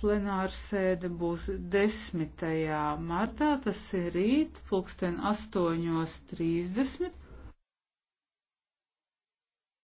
plenārsēde būs 10. martā, tas ir rīt, pulksten 8.30.